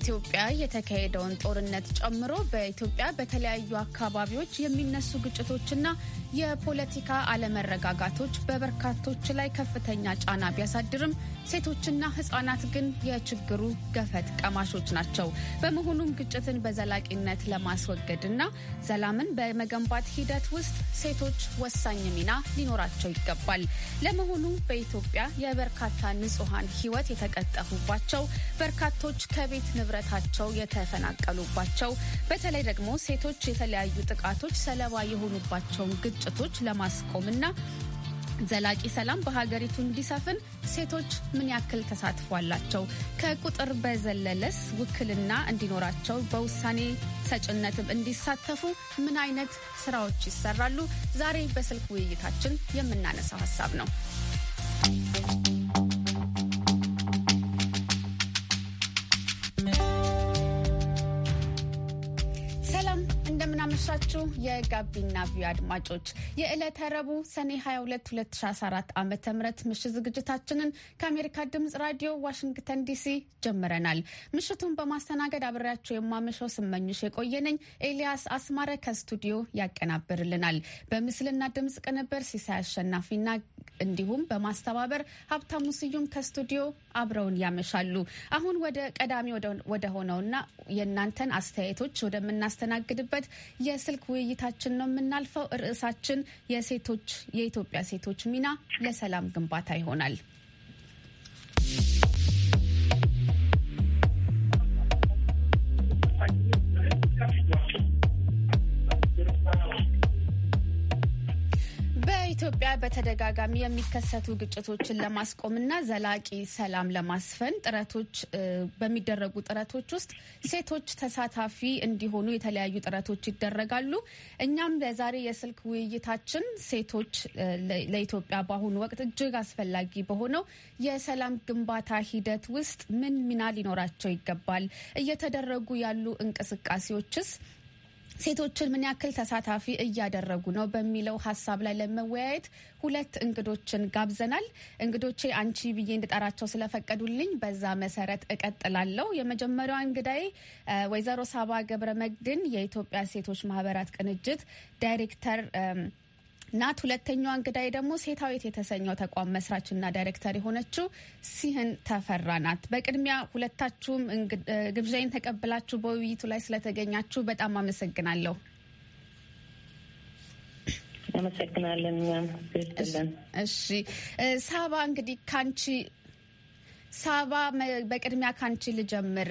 በኢትዮጵያ የተካሄደውን ጦርነት ጨምሮ በኢትዮጵያ በተለያዩ አካባቢዎች የሚነሱ ግጭቶችና የፖለቲካ አለመረጋጋቶች በበርካቶች ላይ ከፍተኛ ጫና ቢያሳድርም ሴቶችና ሕጻናት ግን የችግሩ ገፈት ቀማሾች ናቸው። በመሆኑም ግጭትን በዘላቂነት ለማስወገድና ሰላምን በመገንባት ሂደት ውስጥ ሴቶች ወሳኝ ሚና ሊኖራቸው ይገባል። ለመሆኑ በኢትዮጵያ የበርካታ ንጹሐን ሕይወት የተቀጠፉባቸው፣ በርካቶች ከቤት ንብረታቸው የተፈናቀሉባቸው፣ በተለይ ደግሞ ሴቶች የተለያዩ ጥቃቶች ሰለባ የሆኑባቸውን ግጭቶች ለማስቆምና ዘላቂ ሰላም በሀገሪቱ እንዲሰፍን ሴቶች ምን ያክል ተሳትፎ አላቸው? ከቁጥር በዘለለስ ውክልና እንዲኖራቸው በውሳኔ ሰጭነትም እንዲሳተፉ ምን አይነት ስራዎች ይሰራሉ? ዛሬ በስልክ ውይይታችን የምናነሳው ሀሳብ ነው። እንደምናመሻችሁ የጋቢና ቪዮ አድማጮች የዕለተ ረቡዕ ሰኔ 22 2014 ዓ ም ምሽት ዝግጅታችንን ከአሜሪካ ድምፅ ራዲዮ ዋሽንግተን ዲሲ ጀምረናል። ምሽቱን በማስተናገድ አብሬያችሁ የማመሸው ስመኝሽ የቆየነኝ ኤልያስ አስማረ ከስቱዲዮ ያቀናብርልናል። በምስልና ድምፅ ቅንብር ሲሳይ አሸናፊና እንዲሁም በማስተባበር ሀብታሙ ስዩም ከስቱዲዮ አብረውን ያመሻሉ። አሁን ወደ ቀዳሚ ወደ ሆነውና የእናንተን አስተያየቶች ወደምናስተናግድበት ስልክ ውይይታችን ነው የምናልፈው። ርዕሳችን የሴቶች የኢትዮጵያ ሴቶች ሚና ለሰላም ግንባታ ይሆናል። በኢትዮጵያ በተደጋጋሚ የሚከሰቱ ግጭቶችን ለማስቆምና ዘላቂ ሰላም ለማስፈን ጥረቶች በሚደረጉ ጥረቶች ውስጥ ሴቶች ተሳታፊ እንዲሆኑ የተለያዩ ጥረቶች ይደረጋሉ። እኛም ለዛሬ የስልክ ውይይታችን ሴቶች ለኢትዮጵያ በአሁኑ ወቅት እጅግ አስፈላጊ በሆነው የሰላም ግንባታ ሂደት ውስጥ ምን ሚና ሊኖራቸው ይገባል? እየተደረጉ ያሉ እንቅስቃሴዎችስ ሴቶችን ምን ያክል ተሳታፊ እያደረጉ ነው በሚለው ሀሳብ ላይ ለመወያየት ሁለት እንግዶችን ጋብዘናል። እንግዶቼ አንቺ ብዬ እንድጠራቸው ስለፈቀዱልኝ በዛ መሰረት እቀጥላለሁ። የመጀመሪያዋ እንግዳይ ወይዘሮ ሳባ ገብረ መግድን የኢትዮጵያ ሴቶች ማህበራት ቅንጅት ዳይሬክተር ናት። ሁለተኛዋ እንግዳይ ደግሞ ሴታዊት የተሰኘው ተቋም መስራችና ዳይሬክተር የሆነችው ሲህን ተፈራ ናት። በቅድሚያ ሁለታችሁም ግብዣይን ተቀብላችሁ በውይይቱ ላይ ስለተገኛችሁ በጣም አመሰግናለሁ። አመሰግናለን። እሺ ሳባ እንግዲህ ከአንቺ ሳባ በቅድሚያ ካንቺ ልጀምር።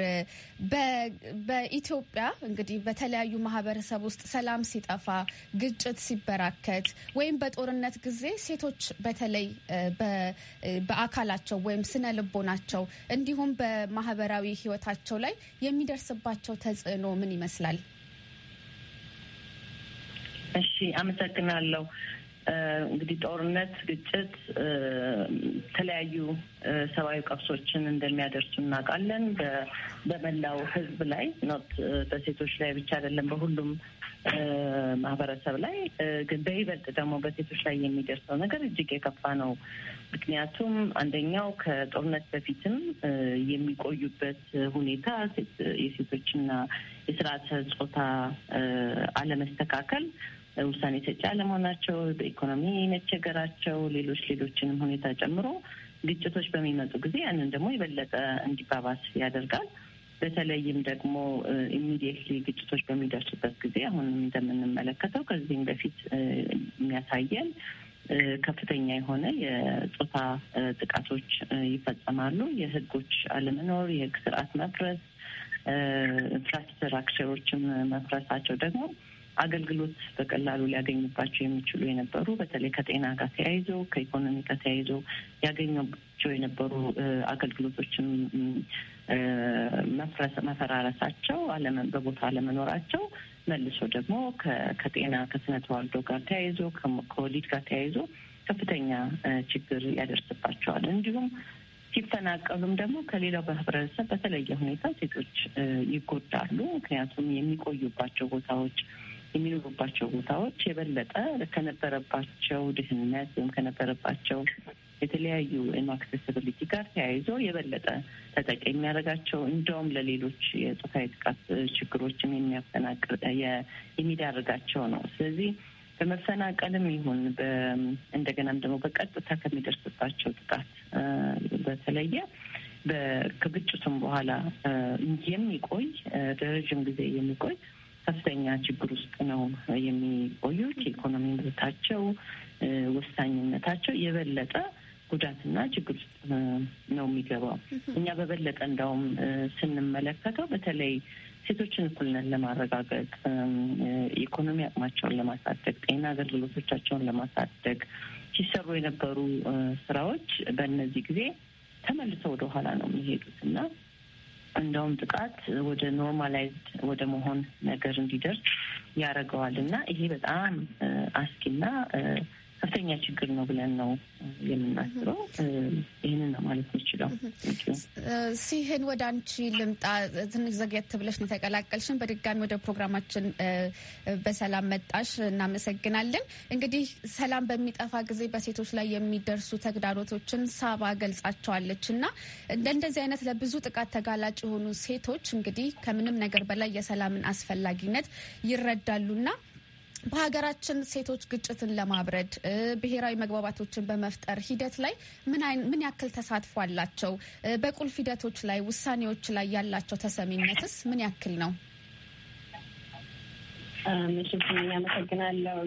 በኢትዮጵያ እንግዲህ በተለያዩ ማህበረሰብ ውስጥ ሰላም ሲጠፋ፣ ግጭት ሲበራከት ወይም በጦርነት ጊዜ ሴቶች በተለይ በአካላቸው ወይም ስነ ልቦናቸው እንዲሁም በማህበራዊ ህይወታቸው ላይ የሚደርስባቸው ተጽዕኖ ምን ይመስላል? እሺ፣ አመሰግናለሁ። እንግዲህ ጦርነት፣ ግጭት የተለያዩ ሰብአዊ ቀብሶችን እንደሚያደርሱ እናውቃለን። በመላው ህዝብ ላይ ኖት በሴቶች ላይ ብቻ አይደለም፣ በሁሉም ማህበረሰብ ላይ ግን በይበልጥ ደግሞ በሴቶች ላይ የሚደርሰው ነገር እጅግ የከፋ ነው። ምክንያቱም አንደኛው ከጦርነት በፊትም የሚቆዩበት ሁኔታ የሴቶችና የስርዓተ ጾታ አለመስተካከል ውሳኔ ሰጪ አለመሆናቸው፣ በኢኮኖሚ መቸገራቸው፣ ሌሎች ሌሎችንም ሁኔታ ጨምሮ ግጭቶች በሚመጡ ጊዜ ያንን ደግሞ የበለጠ እንዲባባስ ያደርጋል። በተለይም ደግሞ ኢሚዲየትሊ ግጭቶች በሚደርሱበት ጊዜ አሁን እንደምንመለከተው ከዚህም በፊት የሚያሳየን ከፍተኛ የሆነ የጾታ ጥቃቶች ይፈጸማሉ። የህጎች አለመኖር፣ የህግ ስርዓት መፍረስ፣ ኢንፍራስትራክቸሮችም መፍረሳቸው ደግሞ አገልግሎት በቀላሉ ሊያገኙባቸው የሚችሉ የነበሩ በተለይ ከጤና ጋር ተያይዞ ከኢኮኖሚ ጋር ተያይዞ ያገኟቸው የነበሩ አገልግሎቶችን መፈራረሳቸው፣ በቦታ አለመኖራቸው መልሶ ደግሞ ከጤና ከስነ ተዋልዶ ጋር ተያይዞ ከወሊድ ጋር ተያይዞ ከፍተኛ ችግር ያደርስባቸዋል። እንዲሁም ሲፈናቀሉም ደግሞ ከሌላው በህብረተሰብ በተለየ ሁኔታ ሴቶች ይጎዳሉ። ምክንያቱም የሚቆዩባቸው ቦታዎች የሚኖሩባቸው ቦታዎች የበለጠ ከነበረባቸው ድህነት ወይም ከነበረባቸው የተለያዩ ኢንአክሴስብሊቲ ጋር ተያይዞ የበለጠ ተጠቂ የሚያደርጋቸው እንደውም ለሌሎች የጾታዊ ጥቃት ችግሮችም የሚያፈናቅር የሚዳርጋቸው ነው። ስለዚህ በመፈናቀልም ይሁን እንደገናም ደግሞ በቀጥታ ከሚደርስባቸው ጥቃት በተለየ ከግጭቱም በኋላ የሚቆይ ረዥም ጊዜ የሚቆይ ከፍተኛ ችግር ውስጥ ነው የሚቆዩት። የኢኮኖሚ ምርታቸው፣ ወሳኝነታቸው የበለጠ ጉዳትና ችግር ውስጥ ነው የሚገባው። እኛ በበለጠ እንዳውም ስንመለከተው በተለይ ሴቶችን እኩልነት ለማረጋገጥ ኢኮኖሚ አቅማቸውን ለማሳደግ፣ ጤና አገልግሎቶቻቸውን ለማሳደግ ሲሰሩ የነበሩ ስራዎች በእነዚህ ጊዜ ተመልሰው ወደኋላ ነው የሚሄዱት እና እንደውም ጥቃት ወደ ኖርማላይዝድ ወደ መሆን ነገር እንዲደርስ ያደርገዋል እና ይሄ በጣም አስጊና ከፍተኛ ችግር ነው ብለን ነው የምናስበው። ይህንን ነው ማለት የምችለው። ሲህን ወደ አንቺ ልምጣ። ትንሽ ዘግየት ብለሽ ነው የተቀላቀልሽን። በድጋሚ ወደ ፕሮግራማችን በሰላም መጣሽ፣ እናመሰግናለን። እንግዲህ ሰላም በሚጠፋ ጊዜ በሴቶች ላይ የሚደርሱ ተግዳሮቶችን ሳባ ገልጻቸዋለች እና እንደዚህ አይነት ለብዙ ጥቃት ተጋላጭ የሆኑ ሴቶች እንግዲህ ከምንም ነገር በላይ የሰላምን አስፈላጊነት ይረዳሉና በሀገራችን ሴቶች ግጭትን ለማብረድ ብሔራዊ መግባባቶችን በመፍጠር ሂደት ላይ ምን ያክል ተሳትፎ አላቸው? በቁልፍ ሂደቶች ላይ ውሳኔዎች ላይ ያላቸው ተሰሚነትስ ምን ያክል ነው? አመሰግናለሁ።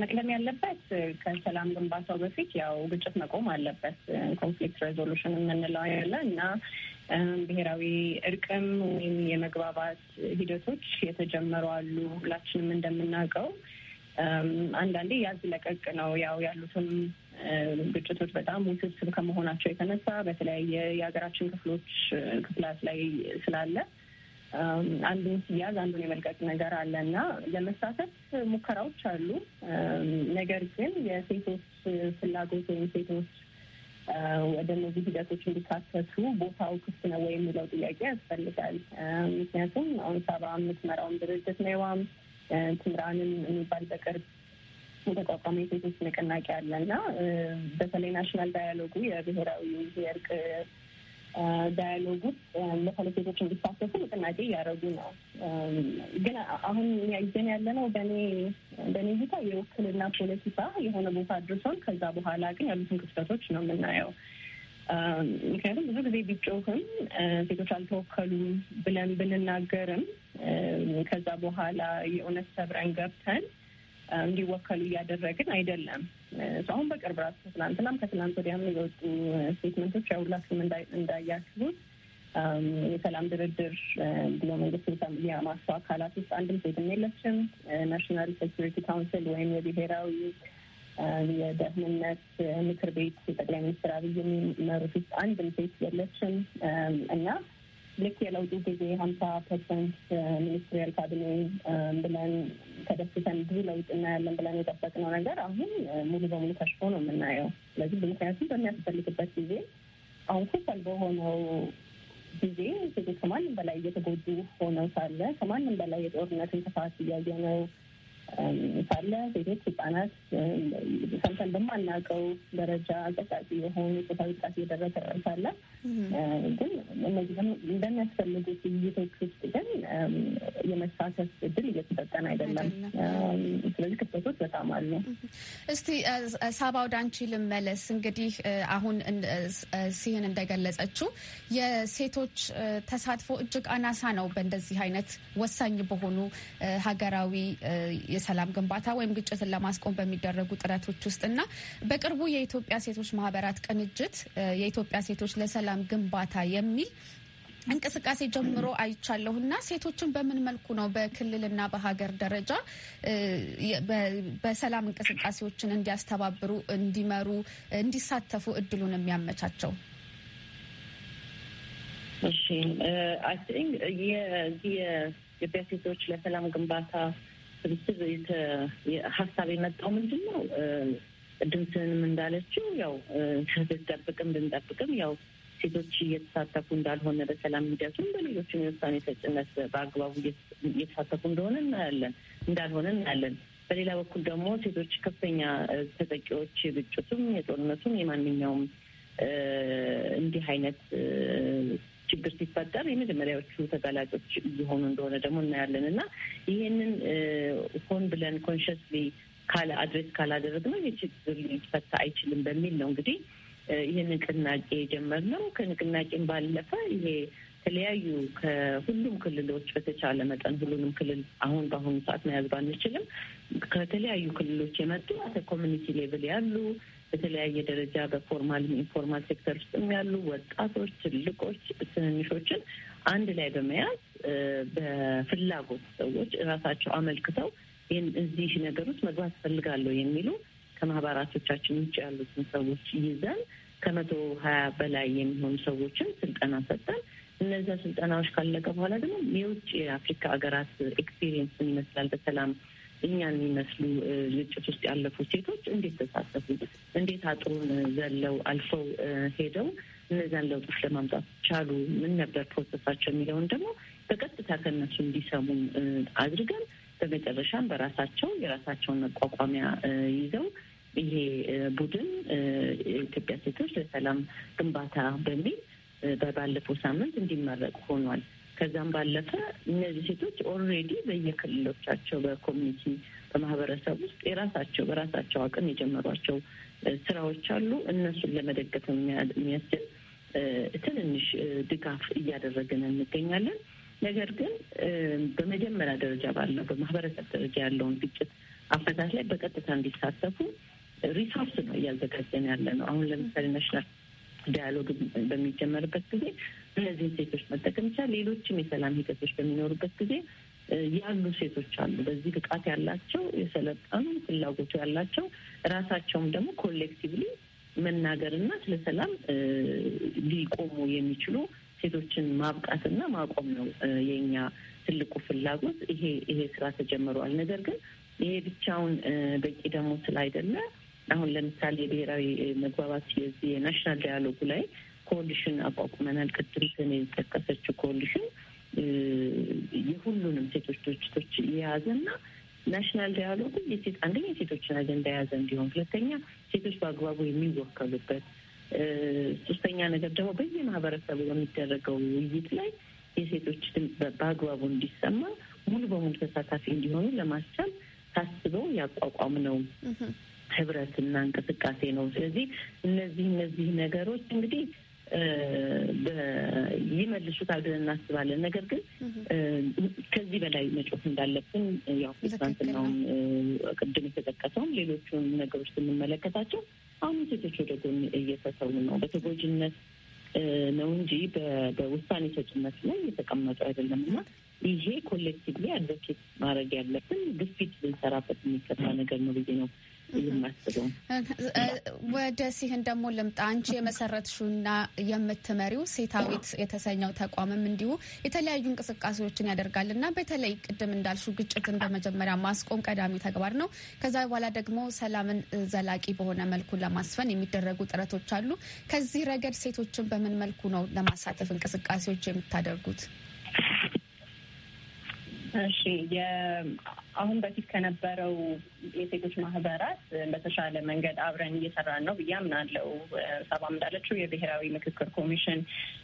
መቅደም ያለበት ከሰላም ግንባታው በፊት ያው ግጭት መቆም አለበት። ኮንፍሊክት ሬዞሉሽን የምንለው ያለ እና ብሔራዊ እርቅም ወይም የመግባባት ሂደቶች የተጀመሩ አሉ። ሁላችንም እንደምናውቀው አንዳንዴ ያዝ ለቀቅ ነው። ያው ያሉትም ግጭቶች በጣም ውስብስብ ከመሆናቸው የተነሳ በተለያየ የሀገራችን ክፍሎች ክፍላት ላይ ስላለ አንዱን ሲያዝ አንዱን የመልቀቅ ነገር አለ እና ለመሳተፍ ሙከራዎች አሉ። ነገር ግን የሴቶች ፍላጎት ወይም ሴቶች ወደ እነዚህ ሂደቶች እንዲካተቱ ቦታው ክፍት ነው ወይ የሚለው ጥያቄ ያስፈልጋል። ምክንያቱም አሁን ሰባ የምትመራውን ድርጅት ነዋም ትምራንም የሚባል በቅርብ የተቋቋመ የሴቶች ንቅናቄ አለ እና በተለይ ናሽናል ዳያሎጉ የብሔራዊ የእርቅ ዳያሎግ ውስጥ መሰለ ሴቶች እንዲሳተፉ ንቅናቄ እያደረጉ ነው። ግን አሁን ያይዘን ያለ ነው በእኔ በእኔ የውክልና ፖለቲካ የሆነ ቦታ አድርሶን ከዛ በኋላ ግን ያሉትን ክፍተቶች ነው የምናየው። ምክንያቱም ብዙ ጊዜ ቢጮህም ሴቶች አልተወከሉም ብለን ብንናገርም ከዛ በኋላ የእውነት ሰብረን ገብተን እንዲወከሉ እያደረግን አይደለም። አሁን በቅርብ ራሱ ከትላንትናም ከትላንት ወዲያም የወጡ ስቴትመንቶች ያው ሁላችሁም እንዳያችሁት የሰላም ድርድር ብሎ መንግስት የማስፋ አካላት ውስጥ አንድም ሴትም የለችም። ናሽናል ሴኪሪቲ ካውንስል ወይም የብሔራዊ የደህንነት ምክር ቤት ጠቅላይ ሚኒስትር አብይ የሚመሩት ውስጥ አንድም ሴት የለችም እና ልክ የለውጡ ጊዜ ሀምሳ ፐርሰንት ሚኒስትሪያል ካቢኔ ብለን ተደስተን ብዙ ለውጥ እናያለን ብለን የጠበቅነው ነገር አሁን ሙሉ በሙሉ ከሽፎ ነው የምናየው። ስለዚህ ምክንያቱም በሚያስፈልግበት ጊዜ አሁን ክፈል በሆነው ጊዜ ሴቶች ከማንም በላይ እየተጎዱ ሆነው ሳለ ከማንም በላይ የጦርነትን ስፋት እያየ ነው ሳለ ሴቶች፣ ህጻናት ሰምተን በማናውቀው ደረጃ አጸቃቂ የሆኑ ፆታዊ ጥቃት እየደረሰ ሳለ ግን እነዚህ እንደሚያስፈልጉት ውይይቶች ውስጥ ግን የመሳተፍ እድል እየተሰጠን አይደለም። ስለዚህ ክፍተቶች በጣም አሉ። እስቲ ሳባ ወደ አንቺ ልመለስ። እንግዲህ አሁን ሲህን እንደገለጸችው የሴቶች ተሳትፎ እጅግ አናሳ ነው በእንደዚህ አይነት ወሳኝ በሆኑ ሀገራዊ የሰላም ግንባታ ወይም ግጭትን ለማስቆም በሚደረጉ ጥረቶች ውስጥና በቅርቡ የኢትዮጵያ ሴቶች ማህበራት ቅንጅት የኢትዮጵያ ሴቶች ለሰላም ግንባታ የሚል እንቅስቃሴ ጀምሮ አይቻለሁ እና ሴቶችን በምን መልኩ ነው በክልልና በሀገር ደረጃ በሰላም እንቅስቃሴዎችን እንዲያስተባብሩ፣ እንዲመሩ፣ እንዲሳተፉ እድሉን የሚያመቻቸው? እሺ አይ ቲንክ የዚህ የኢትዮጵያ ሴቶች ለሰላም ግንባታ ስብስብ ሀሳብ የመጣው ምንድን ነው? ቅድም እንዳለችው ያው ብንጠብቅም ብንጠብቅም ያው ሴቶች እየተሳተፉ እንዳልሆነ በሰላም ሂደቱም በሌሎችም የውሳኔ ሰጭነት በአግባቡ እየተሳተፉ እንደሆነ እናያለን እንዳልሆነ እናያለን። በሌላ በኩል ደግሞ ሴቶች ከፍተኛ ተጠቂዎች የግጭቱም፣ የጦርነቱም የማንኛውም እንዲህ አይነት ችግር ሲፈጠር የመጀመሪያዎቹ ተጋላጮች እየሆኑ እንደሆነ ደግሞ እናያለን እና ይህንን ሆን ብለን ኮንሽስሊ ካለ አድሬስ ካላደረግነው ይህ ችግር ሊፈታ አይችልም በሚል ነው እንግዲህ ይህ ንቅናቄ የጀመርነው። ከንቅናቄም ባለፈ ይሄ የተለያዩ ከሁሉም ክልሎች በተቻለ መጠን ሁሉንም ክልል አሁን በአሁኑ ሰዓት መያዝ ባንችልም ከተለያዩ ክልሎች የመጡ ኮሚኒቲ ሌቭል ያሉ በተለያየ ደረጃ በፎርማልም ኢንፎርማል ሴክተር ውስጥም ያሉ ወጣቶች፣ ትልቆች፣ ትንንሾችን አንድ ላይ በመያዝ በፍላጎት ሰዎች እራሳቸው አመልክተው ይህን እዚህ ነገር ውስጥ መግባት ፈልጋለሁ የሚሉ ከማህበራቶቻችን ውጭ ያሉትን ሰዎች ይዘን ከመቶ ሀያ በላይ የሚሆኑ ሰዎችን ስልጠና ሰጠን። እነዚያ ስልጠናዎች ካለቀ በኋላ ደግሞ የውጭ የአፍሪካ ሀገራት ኤክስፒሪየንስ ምን ይመስላል በሰላም እኛን የሚመስሉ ግጭት ውስጥ ያለፉ ሴቶች እንዴት ተሳተፉ? እንዴት አጥሩን ዘለው አልፈው ሄደው እነዚያን ለውጦች ለማምጣት ቻሉ? ምን ነበር ፕሮሰሳቸው የሚለውን ደግሞ በቀጥታ ከእነሱ እንዲሰሙ አድርገን በመጨረሻም በራሳቸው የራሳቸውን መቋቋሚያ ይዘው ይሄ ቡድን ኢትዮጵያ ሴቶች ለሰላም ግንባታ በሚል ባለፈው ሳምንት እንዲመረቅ ሆኗል። ከዛም ባለፈ እነዚህ ሴቶች ኦልሬዲ በየክልሎቻቸው በኮሚኒቲ በማህበረሰብ ውስጥ የራሳቸው በራሳቸው አቅም የጀመሯቸው ስራዎች አሉ። እነሱን ለመደገፍ የሚያስችል ትንንሽ ድጋፍ እያደረግን እንገኛለን። ነገር ግን በመጀመሪያ ደረጃ ባለው በማህበረሰብ ደረጃ ያለውን ግጭት አፈታት ላይ በቀጥታ እንዲሳተፉ ሪሶርስ ነው እያዘጋጀን ያለ ነው። አሁን ለምሳሌ ናሽናል ዳያሎግ በሚጀመርበት ጊዜ እነዚህን ሴቶች መጠቀም ይቻል። ሌሎችም የሰላም ሂደቶች በሚኖሩበት ጊዜ ያሉ ሴቶች አሉ፣ በዚህ ብቃት ያላቸው የሰለጠኑ ፍላጎቱ ያላቸው ራሳቸውም ደግሞ ኮሌክቲቭሊ መናገርና ስለ ሰላም ሊቆሙ የሚችሉ ሴቶችን ማብቃትና ማቆም ነው የኛ ትልቁ ፍላጎት። ይሄ ይሄ ስራ ተጀምረዋል። ነገር ግን ይሄ ብቻውን በቂ ደግሞ ስላይደለ አሁን ለምሳሌ የብሔራዊ መግባባት የዚህ የናሽናል ዳያሎጉ ላይ ኮሊሽን አቋቁመናል። ቅድም የጠቀሰችው ኮሊሽን የሁሉንም ሴቶች ድርጅቶች የያዘና ናሽናል ዳያሎጉ የሴት አንደኛ የሴቶችን አጀንዳ የያዘ እንዲሆን፣ ሁለተኛ ሴቶች በአግባቡ የሚወከሉበት፣ ሶስተኛ ነገር ደግሞ በየማህበረሰቡ በሚደረገው ውይይት ላይ የሴቶች በአግባቡ እንዲሰማ ሙሉ በሙሉ ተሳታፊ እንዲሆኑ ለማስቻል ታስበው ያቋቋም ነው ህብረትና እንቅስቃሴ ነው። ስለዚህ እነዚህ እነዚህ ነገሮች እንግዲህ ይመልሱታል ብለን እናስባለን። ነገር ግን ከዚህ በላይ መጮፍ እንዳለብን ያው ትናንትናውም ቅድም የተጠቀሰውም ሌሎቹን ነገሮች ስንመለከታቸው አሁን ሴቶች ወደ ጎን እየተተዉ ነው። በተጎጂነት ነው እንጂ በውሳኔ ሰጭነት ላይ እየተቀመጡ አይደለም እና ይሄ ኮሌክቲቭሊ አድቮኬት ማድረግ ያለብን ግፊት ልንሰራበት የሚገባ ነገር ነው ብዬ ነው ወደ ሲህን ደግሞ ልምጣ። አንቺ የመሰረትሽውና የምትመሪው ሴታዊት የተሰኘው ተቋምም እንዲሁ የተለያዩ እንቅስቃሴዎችን ያደርጋል እና በተለይ ቅድም እንዳልሹ ግጭትን በመጀመሪያ ማስቆም ቀዳሚ ተግባር ነው። ከዛ በኋላ ደግሞ ሰላምን ዘላቂ በሆነ መልኩ ለማስፈን የሚደረጉ ጥረቶች አሉ። ከዚህ ረገድ ሴቶችን በምን መልኩ ነው ለማሳተፍ እንቅስቃሴዎች የምታደርጉት? እሺ አሁን በፊት ከነበረው የሴቶች ማህበራት በተሻለ መንገድ አብረን እየሰራን ነው ብዬ አምናለው ሰባ እንዳለችው የብሔራዊ ምክክር ኮሚሽን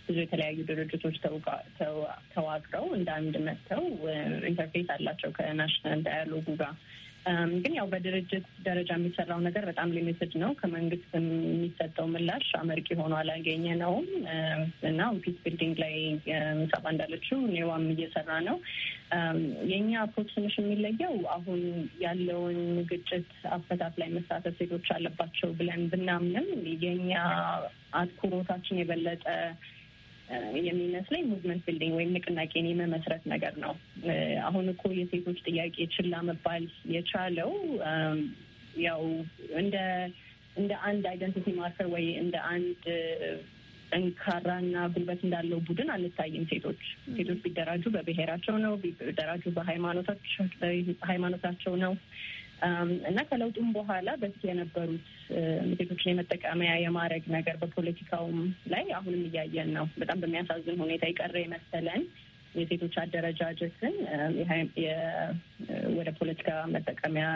ብዙ የተለያዩ ድርጅቶች ተዋቅረው እንደ አንድ መጥተው ኢንተርፌስ አላቸው ከናሽናል ዳያሎጉ ጋር ግን ያው በድርጅት ደረጃ የሚሰራው ነገር በጣም ሊሚትድ ነው። ከመንግስት የሚሰጠው ምላሽ አመርቂ ሆኖ አላገኘ ነውም እና ኦፊስ ቢልዲንግ ላይ ሰባ እንዳለችው ኔዋም እየሰራ ነው። የእኛ አፕሮች ትንሽ የሚለየው አሁን ያለውን ግጭት አፈታት ላይ መሳተፍ ሴቶች አለባቸው ብለን ብናምንም የእኛ አትኩሮታችን የበለጠ የሚመስለኝ ሙቭመንት ቢልዲንግ ወይም ንቅናቄን የመመስረት ነገር ነው። አሁን እኮ የሴቶች ጥያቄ ችላ መባል የቻለው ያው እንደ እንደ አንድ አይደንቲቲ ማርከር ወይ እንደ አንድ ጠንካራና ጉልበት እንዳለው ቡድን አንታይም። ሴቶች ሴቶች ቢደራጁ በብሔራቸው ነው፣ ቢደራጁ በሃይማኖታቸው ነው እና ከለውጡም በኋላ በፊት የነበሩት ሴቶችን የመጠቀሚያ የማድረግ ነገር በፖለቲካውም ላይ አሁንም እያየን ነው። በጣም በሚያሳዝን ሁኔታ የቀረ የመሰለን የሴቶች አደረጃጀትን ወደ ፖለቲካ መጠቀሚያ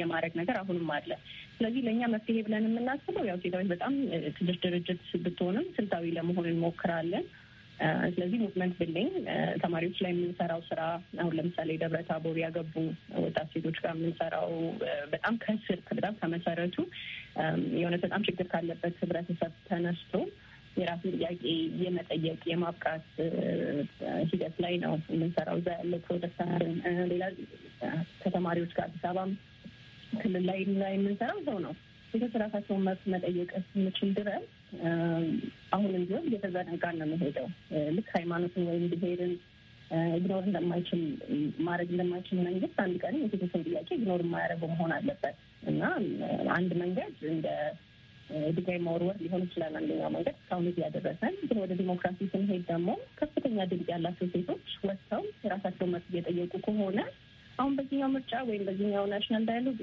የማድረግ ነገር አሁንም አለ። ስለዚህ ለእኛ መፍትሄ ብለን የምናስበው ያው ሴታዊት በጣም ትንሽ ድርጅት ብትሆንም ስልታዊ ለመሆን እንሞክራለን። ስለዚህ ሙቭመንት ቢልዲንግ ተማሪዎች ላይ የምንሰራው ስራ አሁን ለምሳሌ ደብረ ታቦር ያገቡ ወጣት ሴቶች ጋር የምንሰራው በጣም ከስር በጣም ከመሰረቱ የሆነ በጣም ችግር ካለበት ህብረተሰብ ተነስቶ የራሱን ጥያቄ የመጠየቅ የማብቃት ሂደት ላይ ነው የምንሰራው። እዛ ያለው ፕሮጀክታችን ሌላ ከተማሪዎች ጋር አዲስ አበባም ክልል ላይ ላይ የምንሰራው ሰው ነው ሴቶች ራሳቸውን መብት መጠየቅ የምችል ድረስ አሁንም ቢሆን እየተዘነጋ ነው የሚሄደው። ልክ ሃይማኖትን ወይም ብሄርን ኢግኖር እንደማይችል ማድረግ እንደማይችል መንግስት አንድ ቀን የሴቶችን ጥያቄ ኢግኖር የማያደርገው መሆን አለበት እና አንድ መንገድ እንደ ድጋይ መወርወር ሊሆን ይችላል። አንደኛው መንገድ እስካሁን እዚህ ያደረሰን ግን ወደ ዲሞክራሲ ስንሄድ ደግሞ ከፍተኛ ድምጽ ያላቸው ሴቶች ወጥተው የራሳቸውን መብት እየጠየቁ ከሆነ አሁን በዚህኛው ምርጫ ወይም በዚህኛው ናሽናል ዳያሎግ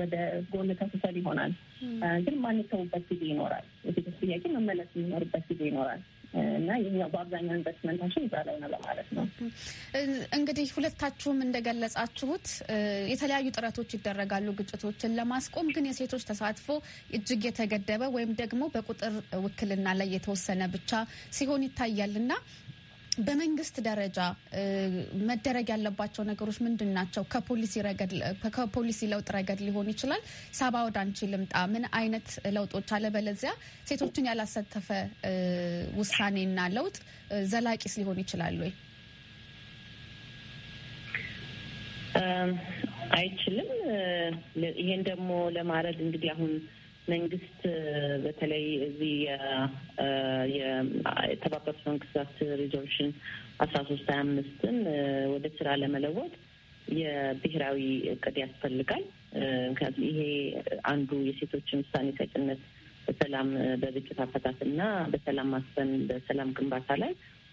ወደ ጎን ተፍሰል ይሆናል፣ ግን ማንተውበት ጊዜ ይኖራል። የሴቶች ጥያቄ መመለስ የሚኖርበት ጊዜ ይኖራል እና ይህኛው በአብዛኛው ኢንቨስትመንታችን እዛ ላይ ነው ለማለት ነው። እንግዲህ ሁለታችሁም እንደገለጻችሁት የተለያዩ ጥረቶች ይደረጋሉ ግጭቶችን ለማስቆም ግን የሴቶች ተሳትፎ እጅግ የተገደበ ወይም ደግሞ በቁጥር ውክልና ላይ የተወሰነ ብቻ ሲሆን ይታያል እና በመንግስት ደረጃ መደረግ ያለባቸው ነገሮች ምንድን ናቸው? ከፖሊሲ ለውጥ ረገድ ሊሆን ይችላል። ሳባ ወደ አንቺ ልምጣ። ምን አይነት ለውጦች አለበለዚያ ሴቶችን ያላሳተፈ ውሳኔና ለውጥ ዘላቂስ ሊሆን ይችላል ወይ? አይችልም። ይሄን ደግሞ ለማድረግ እንግዲህ አሁን መንግስት በተለይ እዚህ የተባበሩት መንግስታት ሪዞሉሽን አስራ ሶስት ሀያ አምስትን ወደ ስራ ለመለወጥ የብሔራዊ እቅድ ያስፈልጋል። ምክንያቱም ይሄ አንዱ የሴቶችን ውሳኔ ሰጭነት በሰላም በግጭት አፈታትና በሰላም ማስፈን በሰላም ግንባታ ላይ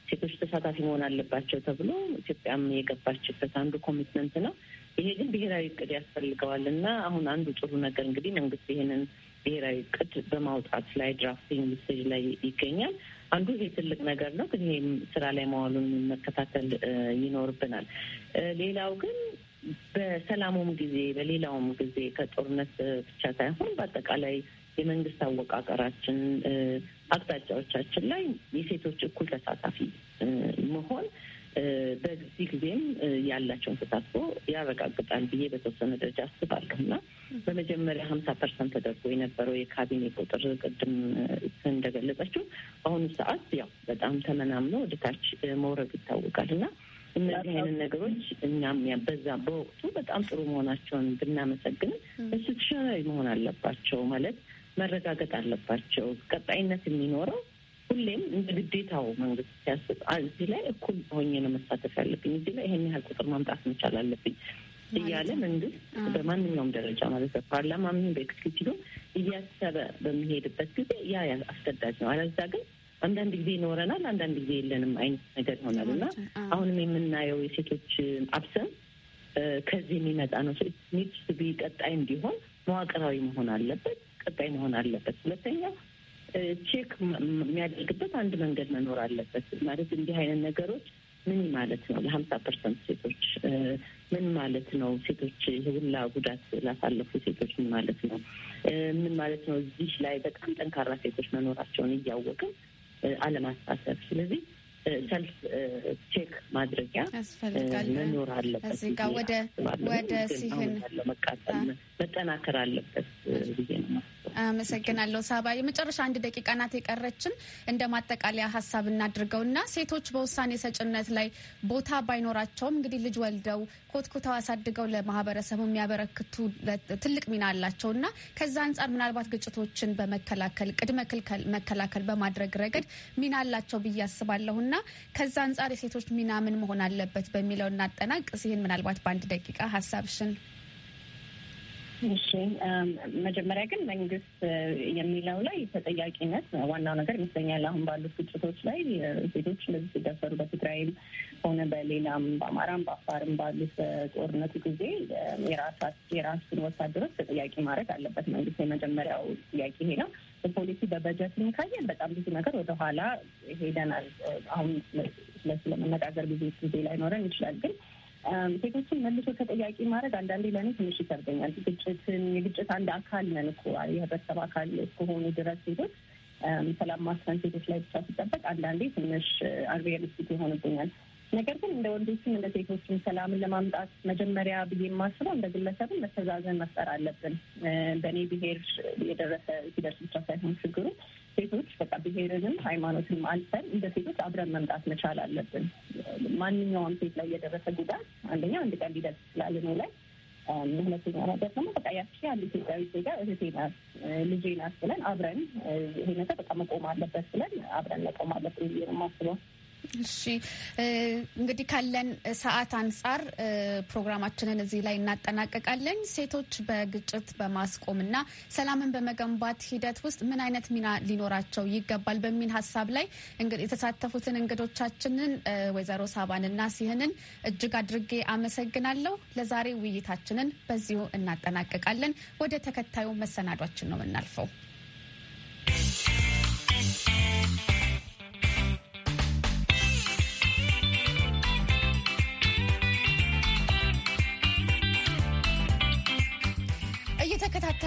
ሴቶች ተሳታፊ መሆን አለባቸው ተብሎ ኢትዮጵያም የገባችበት አንዱ ኮሚትመንት ነው። ይሄ ግን ብሔራዊ እቅድ ያስፈልገዋል እና አሁን አንዱ ጥሩ ነገር እንግዲህ መንግስት ይሄንን ብሔራዊ እቅድ በማውጣት ላይ ድራፍቲንግ ስቴጅ ላይ ይገኛል። አንዱ ይሄ ትልቅ ነገር ነው፣ ግን ይሄም ስራ ላይ መዋሉን መከታተል ይኖርብናል። ሌላው ግን በሰላሙም ጊዜ በሌላውም ጊዜ ከጦርነት ብቻ ሳይሆን በአጠቃላይ የመንግስት አወቃቀራችን አቅጣጫዎቻችን ላይ የሴቶች እኩል ተሳታፊ መሆን በዚህ ጊዜም ያላቸውን ተሳትፎ ያረጋግጣል ብዬ በተወሰነ ደረጃ አስባለሁ እና በመጀመሪያ ሀምሳ ፐርሰንት ተደርጎ የነበረው የካቢኔ ቁጥር ቅድም እንደገለጸችው በአሁኑ ሰዓት ያው በጣም ተመናምኖ ወደታች መውረዱ ይታወቃል እና እነዚህ አይነት ነገሮች እኛም በዛ በወቅቱ በጣም ጥሩ መሆናቸውን ብናመሰግን ኢንስቲቱሽናዊ መሆን አለባቸው ማለት መረጋገጥ አለባቸው ቀጣይነት የሚኖረው ሁሌም እንደ ግዴታው መንግስት ሲያስብ እዚህ ላይ እኩል ሆኜ ነው መሳተፍ ያለብኝ፣ እዚህ ላይ ይሄን ያህል ቁጥር ማምጣት መቻል አለብኝ እያለ መንግስት በማንኛውም ደረጃ ማለት በፓርላማ ምን በኤክስኪዩቲቭ እያሰበ በሚሄድበት ጊዜ ያ አስገዳጅ ነው። አለዛ ግን አንዳንድ ጊዜ ይኖረናል፣ አንዳንድ ጊዜ የለንም አይነት ነገር ይሆናል እና አሁንም የምናየው የሴቶች አብሰን ከዚህ የሚመጣ ነው። ኒድስ ቢ ቀጣይ እንዲሆን መዋቅራዊ መሆን አለበት፣ ቀጣይ መሆን አለበት። ሁለተኛው ቼክ የሚያደርግበት አንድ መንገድ መኖር አለበት። ማለት እንዲህ አይነት ነገሮች ምን ማለት ነው? ለሀምሳ ፐርሰንት ሴቶች ምን ማለት ነው? ሴቶች ሁላ ጉዳት ላሳለፉ ሴቶች ምን ማለት ነው? ምን ማለት ነው? እዚህ ላይ በጣም ጠንካራ ሴቶች መኖራቸውን እያወቅን አለማሳሰብ። ስለዚህ ሰልፍ ቼክ ማድረጊያ መኖር አለበት። ወደ ሲህን መቃጠል መጠናከር አለበት ብዬ ነው። አመሰግናለሁ ሳባ። የመጨረሻ አንድ ደቂቃ ናት የቀረችን። እንደ ማጠቃለያ ሀሳብ እናድርገው እና ሴቶች በውሳኔ ሰጭነት ላይ ቦታ ባይኖራቸውም እንግዲህ ልጅ ወልደው ኮትኩተው አሳድገው ለማህበረሰቡ የሚያበረክቱ ትልቅ ሚና አላቸው እና ከዛ አንጻር ምናልባት ግጭቶችን በመከላከል ቅድመ መከላከል በማድረግ ረገድ ሚና አላቸው ብዬ አስባለሁ እና ከዛ አንጻር የሴቶች ሚና ምን መሆን አለበት በሚለው እናጠናቅ። ይህን ምናልባት በአንድ ደቂቃ ሀሳብሽን እሺ መጀመሪያ ግን መንግስት የሚለው ላይ ተጠያቂነት ዋናው ነገር ይመስለኛል። አሁን ባሉት ግጭቶች ላይ ሴቶች እንደዚህ ሲደፈሩ በትግራይም ሆነ በሌላም በአማራም በአፋርም ባሉት ጦርነቱ ጊዜ የራሱን ወታደሮች ተጠያቂ ማድረግ አለበት መንግስት። የመጀመሪያው ጥያቄ ይሄ ነው። በፖሊሲ በበጀትም ካየን በጣም ብዙ ነገር ወደኋላ ሄደናል። አሁን ስለመነጋገር ጊዜ ጊዜ ላይኖረን ይችላል ግን ሴቶችን መልሶ ተጠያቂ ማድረግ አንዳንዴ ለእኔ ትንሽ ይከብደኛል። ግጭትን የግጭት አንድ አካል ነን እኮ የህብረተሰብ አካል እስከሆኑ ድረስ ሴቶች ሰላም ማስፈን ሴቶች ላይ ብቻ ሲጠበቅ አንዳንዴ ትንሽ አንሪያሊስቲክ ይሆንብኛል። ነገር ግን እንደ ወንዶችም እንደ ሴቶችም ሰላምን ለማምጣት መጀመሪያ ብዬ የማስበው እንደ ግለሰብን መተዛዘን መፍጠር አለብን። በእኔ ብሄር የደረሰ ሲደርስ ብቻ ሳይሆን ችግሩ ሴቶች በቃ ብሄርንም ሃይማኖትንም አልፈን እንደ ሴቶች አብረን መምጣት መቻል አለብን። ማንኛውም ሴት ላይ የደረሰ ጉዳት አንደኛ አንድ ቀን ሊደርስ ይችላል እኔ ላይ፣ ሁለተኛ ነገር ደግሞ በቃ ያቺ አንድ ኢትዮጵያዊ ዜጋ እህቴ ናት፣ ልጄ ናት ብለን አብረን ይሄ ነገር በቃ መቆም አለበት ብለን አብረን መቆም አለብን ብዬ ነው የማስበው። እሺ እንግዲህ ካለን ሰዓት አንጻር ፕሮግራማችንን እዚህ ላይ እናጠናቀቃለን። ሴቶች በግጭት በማስቆም እና ሰላምን በመገንባት ሂደት ውስጥ ምን አይነት ሚና ሊኖራቸው ይገባል በሚል ሀሳብ ላይ የተሳተፉትን እንግዶቻችንን ወይዘሮ ሳባን ና ሲህንን እጅግ አድርጌ አመሰግናለሁ። ለዛሬ ውይይታችንን በዚሁ እናጠናቀቃለን። ወደ ተከታዩ መሰናዷችን ነው የምናልፈው።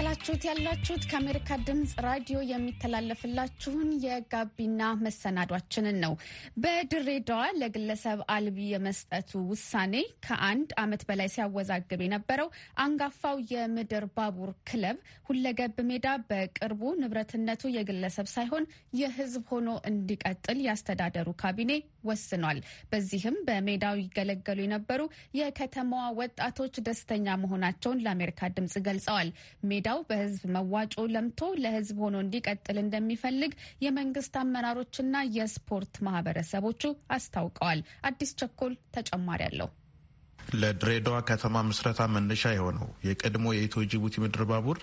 እየተከታተላችሁት ያላችሁት ከአሜሪካ ድምፅ ራዲዮ የሚተላለፍላችሁን የጋቢና መሰናዷችንን ነው። በድሬዳዋ ለግለሰብ አልቢ የመስጠቱ ውሳኔ ከአንድ ዓመት በላይ ሲያወዛግብ የነበረው አንጋፋው የምድር ባቡር ክለብ ሁለገብ ሜዳ በቅርቡ ንብረትነቱ የግለሰብ ሳይሆን የሕዝብ ሆኖ እንዲቀጥል ያስተዳደሩ ካቢኔ ወስኗል። በዚህም በሜዳው ይገለገሉ የነበሩ የከተማዋ ወጣቶች ደስተኛ መሆናቸውን ለአሜሪካ ድምጽ ገልጸዋል። እርምጃው በህዝብ መዋጮ ለምቶ ለህዝብ ሆኖ እንዲቀጥል እንደሚፈልግ የመንግስት አመራሮችና የስፖርት ማህበረሰቦቹ አስታውቀዋል። አዲስ ቸኮል ተጨማሪ አለው። ለድሬዳዋ ከተማ ምስረታ መነሻ የሆነው የቀድሞ የኢትዮ ጅቡቲ ምድር ባቡር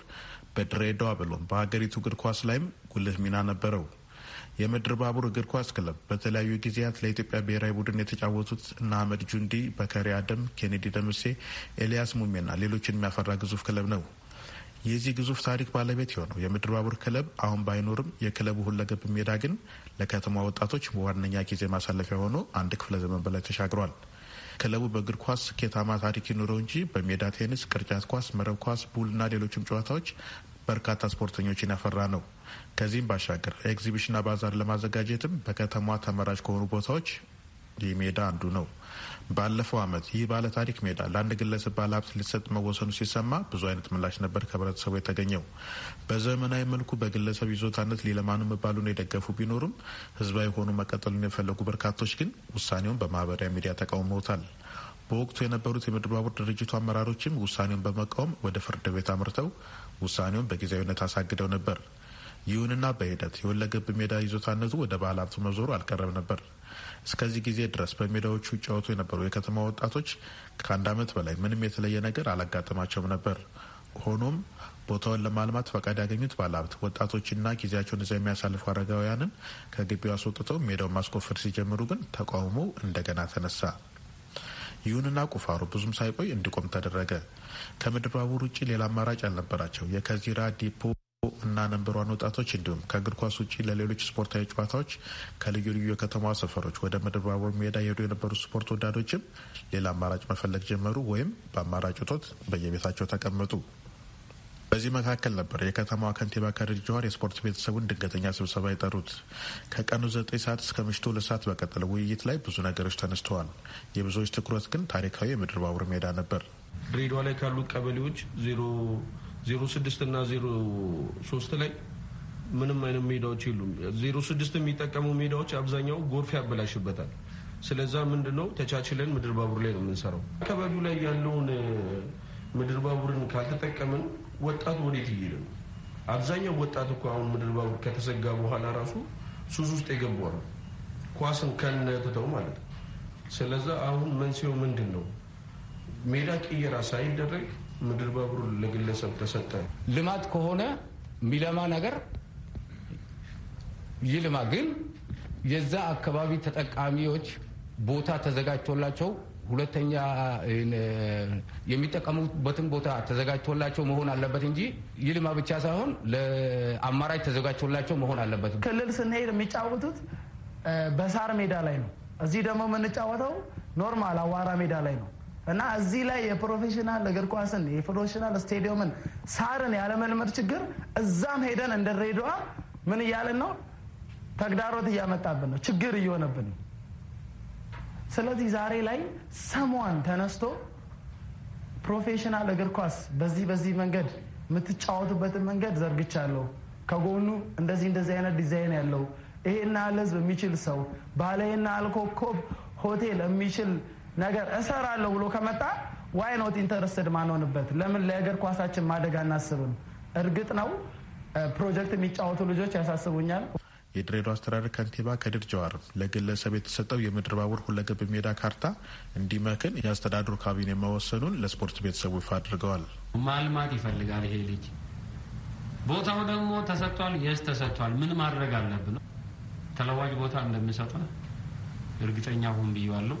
በድሬዳዋ ብሎም በሀገሪቱ እግር ኳስ ላይም ጉልህ ሚና ነበረው። የምድር ባቡር እግር ኳስ ክለብ በተለያዩ ጊዜያት ለኢትዮጵያ ብሔራዊ ቡድን የተጫወቱት እነ አህመድ ጁንዲ፣ በከሪ አደም፣ ኬኔዲ ደምሴ፣ ኤልያስ ሙሜና ሌሎችን የሚያፈራ ግዙፍ ክለብ ነው። የዚህ ግዙፍ ታሪክ ባለቤት የሆነው የምድር ባቡር ክለብ አሁን ባይኖርም የክለቡ ሁለገብ ሜዳ ግን ለከተማ ወጣቶች በዋነኛ ጊዜ ማሳለፊያ ሆኖ አንድ ክፍለ ዘመን በላይ ተሻግሯል። ክለቡ በእግር ኳስ ስኬታማ ታሪክ ይኑረው እንጂ በሜዳ ቴኒስ፣ ቅርጫት ኳስ፣ መረብ ኳስ፣ ቡልና ሌሎችም ጨዋታዎች በርካታ ስፖርተኞችን ያፈራ ነው። ከዚህም ባሻገር ኤግዚቢሽንና ባዛር ለማዘጋጀትም በከተማ ተመራጭ ከሆኑ ቦታዎች ይህ ሜዳ አንዱ ነው። ባለፈው ዓመት ይህ ባለታሪክ ሜዳ ለአንድ ግለሰብ ባለሀብት ሊሰጥ መወሰኑ ሲሰማ ብዙ አይነት ምላሽ ነበር ከህብረተሰቡ የተገኘው። በዘመናዊ መልኩ በግለሰብ ይዞታነት ሊለማኑ መባሉን የደገፉ ቢኖሩም ህዝባዊ ሆኑ መቀጠሉን የፈለጉ በርካቶች ግን ውሳኔውን በማህበራዊ ሚዲያ ተቃውመውታል። በወቅቱ የነበሩት የምድር ባቡር ድርጅቱ አመራሮችም ውሳኔውን በመቃወም ወደ ፍርድ ቤት አምርተው ውሳኔውን በጊዜያዊነት አሳግደው ነበር። ይሁንና በሂደት የወለገብ ሜዳ ይዞታነቱ ወደ ባለሀብቱ መዞሩ አልቀረም ነበር። እስከዚህ ጊዜ ድረስ በሜዳዎቹ ይጫወቱ የነበሩ የከተማ ወጣቶች ከአንድ ዓመት በላይ ምንም የተለየ ነገር አላጋጠማቸውም ነበር። ሆኖም ቦታውን ለማልማት ፈቃድ ያገኙት ባለሀብት ወጣቶችና ጊዜያቸውን እዚያ የሚያሳልፉ አረጋውያንን ከግቢው አስወጥተው ሜዳውን ማስቆፈር ሲጀምሩ ግን ተቃውሞ እንደገና ተነሳ። ይሁንና ቁፋሮ ብዙም ሳይቆይ እንዲቆም ተደረገ። ከምድር ባቡር ውጭ ሌላ አማራጭ አልነበራቸው። የከዚራ ዲፖ እና ነንበሯን ወጣቶች እንዲሁም ከእግር ኳስ ውጭ ለሌሎች ስፖርታዊ ጨዋታዎች ከልዩ ልዩ የከተማ ሰፈሮች ወደ ምድር ባቡር ሜዳ የሄዱ የነበሩ ስፖርት ወዳዶችም ሌላ አማራጭ መፈለግ ጀመሩ ወይም በአማራጭ እጦት በየቤታቸው ተቀመጡ። በዚህ መካከል ነበር የከተማዋ ከንቲባ ከድር ጀዋር የስፖርት ቤተሰቡን ድንገተኛ ስብሰባ የጠሩት። ከቀኑ ዘጠኝ ሰዓት እስከ ምሽቱ ሁለት ሰዓት በቀጠለ ውይይት ላይ ብዙ ነገሮች ተነስተዋል። የብዙዎች ትኩረት ግን ታሪካዊ የምድር ባቡር ሜዳ ነበር። ድሬዳዋ ላይ ካሉት ቀበሌዎች ዜሮ ዜሮ ስድስት እና ዜሮ ሶስት ላይ ምንም አይነት ሜዳዎች የሉም። ዜሮ ስድስት የሚጠቀሙ ሜዳዎች አብዛኛው ጎርፍ ያበላሽበታል። ስለዛ ምንድን ነው ተቻችለን ምድር ባቡር ላይ ነው የምንሰራው። አካባቢው ላይ ያለውን ምድር ባቡርን ካልተጠቀምን ወጣቱ ወዴት እየሄደ ነው? አብዛኛው ወጣት እኮ አሁን ምድር ባቡር ከተዘጋ በኋላ ራሱ ሱዝ ውስጥ የገባ ነው፣ ኳስን ከነትተው ማለት ነው። ስለዛ አሁን መንስኤው ምንድን ነው? ሜዳ ቅየራ ሳይደረግ ምድር በብሩ ለግለሰብ ተሰጠ። ልማት ከሆነ የሚለማ ነገር ይልማ፣ ግን የዛ አካባቢ ተጠቃሚዎች ቦታ ተዘጋጅቶላቸው ሁለተኛ የሚጠቀሙበትን ቦታ ተዘጋጅቶላቸው መሆን አለበት እንጂ ይልማ ብቻ ሳይሆን ለአማራጭ ተዘጋጅቶላቸው መሆን አለበት። ክልል ስንሄድ የሚጫወቱት በሳር ሜዳ ላይ ነው። እዚህ ደግሞ የምንጫወተው ኖርማል አዋራ ሜዳ ላይ ነው። እና እዚህ ላይ የፕሮፌሽናል እግር ኳስን የፕሮፌሽናል ስቴዲየምን ሳርን ያለመልመድ ችግር እዛም ሄደን እንደ ሬድዋ ምን እያለን ነው? ተግዳሮት እያመጣብን ነው፣ ችግር እየሆነብን ነው። ስለዚህ ዛሬ ላይ ሰሟን ተነስቶ ፕሮፌሽናል እግር ኳስ በዚህ በዚህ መንገድ የምትጫወቱበትን መንገድ ዘርግቻለሁ፣ ከጎኑ እንደዚህ እንደዚህ አይነት ዲዛይን ያለው ይሄና ለዝብ የሚችል ሰው ባለይና አልኮኮብ ሆቴል የሚችል ነገር እሰራለሁ ብሎ ከመጣ ዋይ ኖት ኢንተረስትድ ማንሆንበት? ለምን ለእግር ኳሳችን ማደግ አናስብም? እርግጥ ነው ፕሮጀክት የሚጫወቱ ልጆች ያሳስቡኛል። የድሬዳዋ አስተዳደር ከንቲባ ከድር ጀዋር ለግለሰብ የተሰጠው የምድር ባቡር ሁለገብ ሜዳ ካርታ እንዲመክን የአስተዳደሩ ካቢኔ መወሰኑን ለስፖርት ቤተሰቡ ይፋ አድርገዋል። ማልማት ይፈልጋል ይሄ ልጅ። ቦታው ደግሞ ተሰጥቷል። የስ ተሰጥቷል። ምን ማድረግ አለብን? ተለዋጭ ቦታ እንደምንሰጠ እርግጠኛ ሁን ብያለሁ።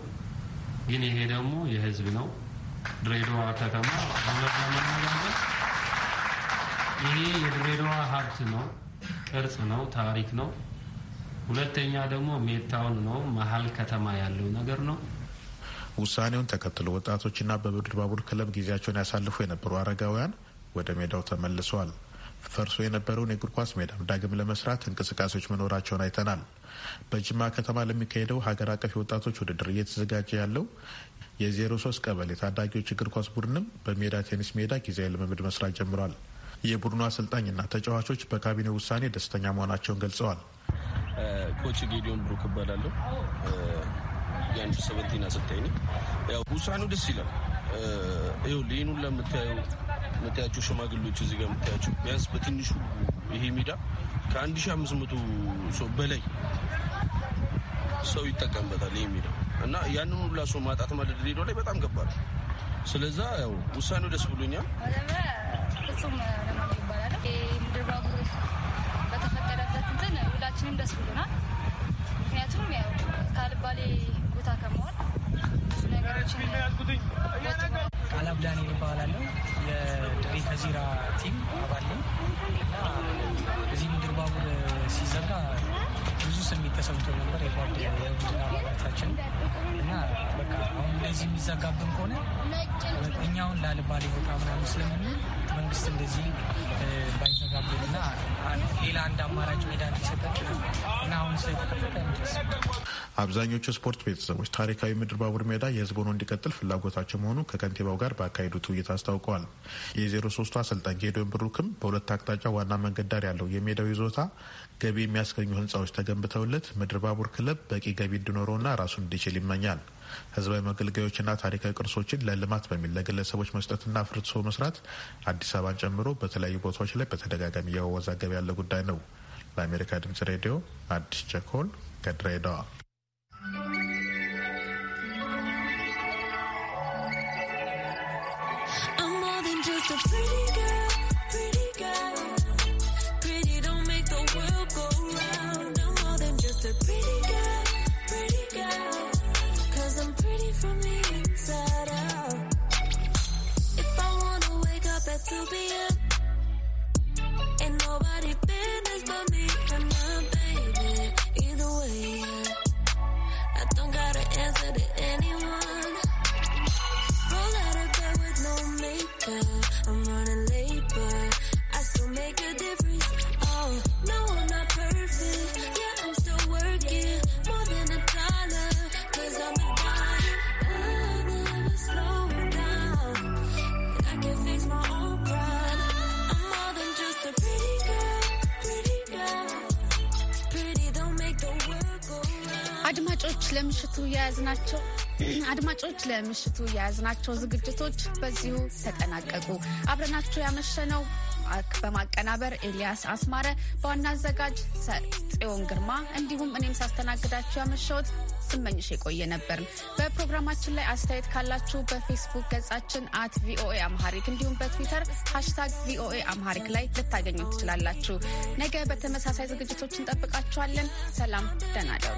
ግን ይሄ ደግሞ የህዝብ ነው። ድሬዳዋ ከተማ ለመነጋገር ይሄ የድሬዳዋ ሀብት ነው፣ ቅርጽ ነው፣ ታሪክ ነው። ሁለተኛ ደግሞ ሜታውን ነው፣ መሀል ከተማ ያለው ነገር ነው። ውሳኔውን ተከትሎ ወጣቶችና በብድር ባቡር ክለብ ጊዜያቸውን ያሳልፉ የነበሩ አረጋውያን ወደ ሜዳው ተመልሰዋል። ፈርሶ የነበረውን የእግር ኳስ ሜዳም ዳግም ለመስራት እንቅስቃሴዎች መኖራቸውን አይተናል። በጅማ ከተማ ለሚካሄደው ሀገር አቀፍ የወጣቶች ውድድር እየተዘጋጀ ያለው የ 03 ቀበሌ ታዳጊዎች እግር ኳስ ቡድንም በሜዳ ቴኒስ ሜዳ ጊዜያዊ ልምምድ መስራት ጀምሯል። የቡድኑ አሰልጣኝና ተጫዋቾች በካቢኔ ውሳኔ ደስተኛ መሆናቸውን ገልጸዋል። ኮች ጌዲዮን ብሩክ እባላለሁ። የአንዱ ሰቨንቲን አሰልጣኝ ነኝ። ያው ውሳኔው ደስ ይላል። ይኸው ይህን ለምታዩ የምታያቸው ሽማግሌዎች እዚህ ጋር የምታያቸው ቢያንስ በትንሹ ይሄ ሜዳ ከአንድ ሺህ አምስት መቶ ሰው በላይ ሰው ይጠቀምበታል። ይሄ ሜዳ እና ያንን ሁላ ሰው ማጣት ማለት ሌዳው ላይ በጣም ገባል። ስለዛ ያው ውሳኔው ደስ ብሎኛል። ምድር በተፈቀደበት እንትን ሁላችንም ደስ ብሎናል። ምክንያቱም ያው ካልባሌ ቦታ ከመሆን ብዙ ነገሮችን ቃል አብዳኔ እባላለሁ። የድሬ ከዚራ ቲም አባል ነኝ። እዚህ ምድር ባቡር ሲዘጋ ብዙ ስሜት ተሰምቶ ነበር የቡድን አባላታችን እና በቃ አሁን እንደዚህ የሚዘጋብን ከሆነ እኛውን ላልባሌ ቦታ ምናምን ስለምንል መንግስት እንደዚህ ባይዘጋብንና ሌላ አንድ አማራጭ ሜዳ እንዲሰጠን እና አሁን ስለተከፈተ ደስ አብዛኞቹ ስፖርት ቤተሰቦች ታሪካዊ ምድር ባቡር ሜዳ የህዝብ ሆኖ እንዲቀጥል ፍላጎታቸው መሆኑ ከከንቲባው ጋር በአካሄዱት ውይይት አስታውቀዋል። የ የ03ቱ አሰልጣኝ ጌዶን ብሩክም በሁለት አቅጣጫ ዋና መንገድ ዳር ያለው የሜዳው ይዞታ ገቢ የሚያስገኙ ህንፃዎች ተገንብተውለት ምድር ባቡር ክለብ በቂ ገቢ እንዲኖረውና ራሱን እንዲችል ይመኛል። ህዝባዊ መገልገያዎችና ታሪካዊ ቅርሶችን ለልማት በሚል ለግለሰቦች መስጠትና ፍርድሶ መስራት አዲስ አበባን ጨምሮ በተለያዩ ቦታዎች ላይ በተደጋጋሚ እያወዛገበ ያለ ጉዳይ ነው። ለአሜሪካ ድምጽ ሬዲዮ አዲስ ቸኮል ከድሬዳዋ Ain't nobody business but me and my baby. Either way, I don't gotta answer to anyone. Roll out of bed with no makeup. I'm running late, but I still make a difference. የያዝናቸው አድማጮች ለምሽቱ የያዝናቸው ዝግጅቶች በዚሁ ተጠናቀቁ። አብረናችሁ ያመሸነው በማቀናበር ኤልያስ አስማረ፣ በዋና አዘጋጅ ጽዮን ግርማ እንዲሁም እኔም ሳስተናግዳችሁ ያመሸሁት ስመኝሽ የቆየ ነበር። በፕሮግራማችን ላይ አስተያየት ካላችሁ በፌስቡክ ገጻችን አት ቪኦኤ አምሃሪክ እንዲሁም በትዊተር ሃሽታግ ቪኦኤ አምሃሪክ ላይ ልታገኙ ትችላላችሁ። ነገ በተመሳሳይ ዝግጅቶች እንጠብቃችኋለን። ሰላም፣ ደህና እደሩ።